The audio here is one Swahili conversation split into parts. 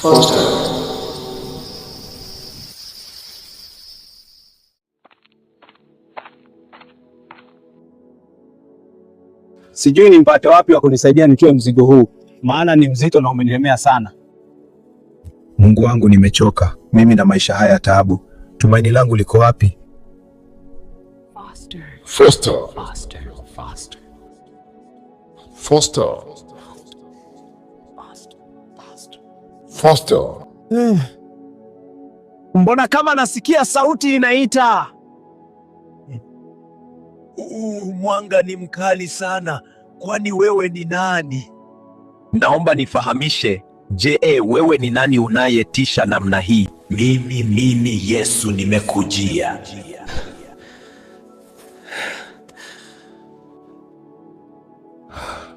Foster. Sijui nimpate wapi wa kunisaidia nikiwa mzigo huu, maana ni mzito na umenilemea sana. Mungu wangu, nimechoka mimi na maisha haya ya taabu. Tumaini langu liko wapi? Foster. Foster. Foster. Foster. Foster. Foster. Foster. Eh. Mbona kama nasikia sauti inaita? Uh, mwanga ni mkali sana. Kwani wewe ni nani? Naomba nifahamishe. Je, eh, wewe ni nani unayetisha namna hii? Mimi, mimi Yesu nimekujia.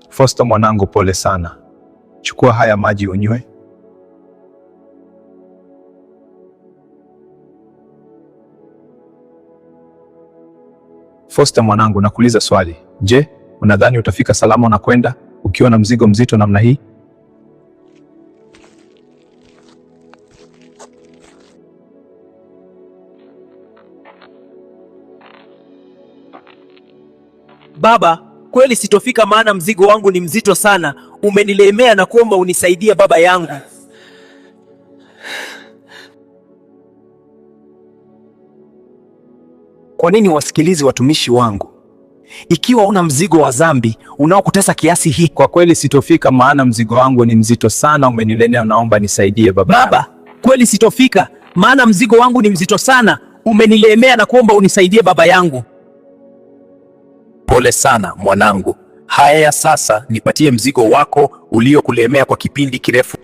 Foster mwanangu, pole sana. Chukua haya maji unywe Foster mwanangu, nakuuliza swali. Je, unadhani utafika salama unakwenda ukiwa na mzigo mzito namna hii? Baba, kweli sitofika, maana mzigo wangu ni mzito sana, umenilemea na kuomba unisaidie baba yangu. Kwa nini wasikilizi watumishi wangu? Ikiwa una mzigo wa dhambi unaokutesa kiasi hiki, kwa kweli sitofika, maana mzigo wangu ni mzito sana, umenilemea. Naomba nisaidie baba. Baba, kweli sitofika, maana mzigo wangu ni mzito sana, umenilemea na kuomba unisaidie baba yangu. Pole sana mwanangu. Haya ya sasa, nipatie mzigo wako uliokulemea kwa kipindi kirefu.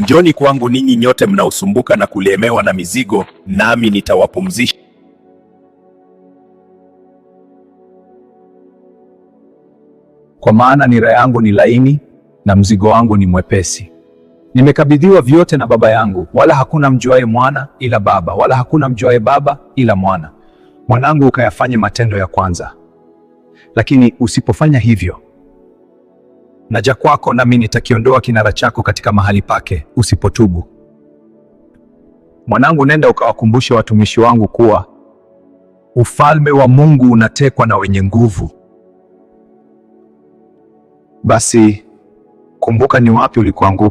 Njoni kwangu ninyi nyote mnaosumbuka na kulemewa na mizigo, nami nitawapumzisha. Kwa maana nira yangu ni laini na mzigo wangu ni mwepesi. Nimekabidhiwa vyote na Baba yangu, wala hakuna mjuaye mwana ila Baba, wala hakuna mjuaye Baba ila Mwana. Mwanangu, ukayafanye matendo ya kwanza, lakini usipofanya hivyo naja kwako, nami nitakiondoa kinara chako katika mahali pake, usipotubu. Mwanangu, nenda ukawakumbushe watumishi wangu kuwa ufalme wa Mungu unatekwa na wenye nguvu. Basi kumbuka ni wapi ulikuanguka.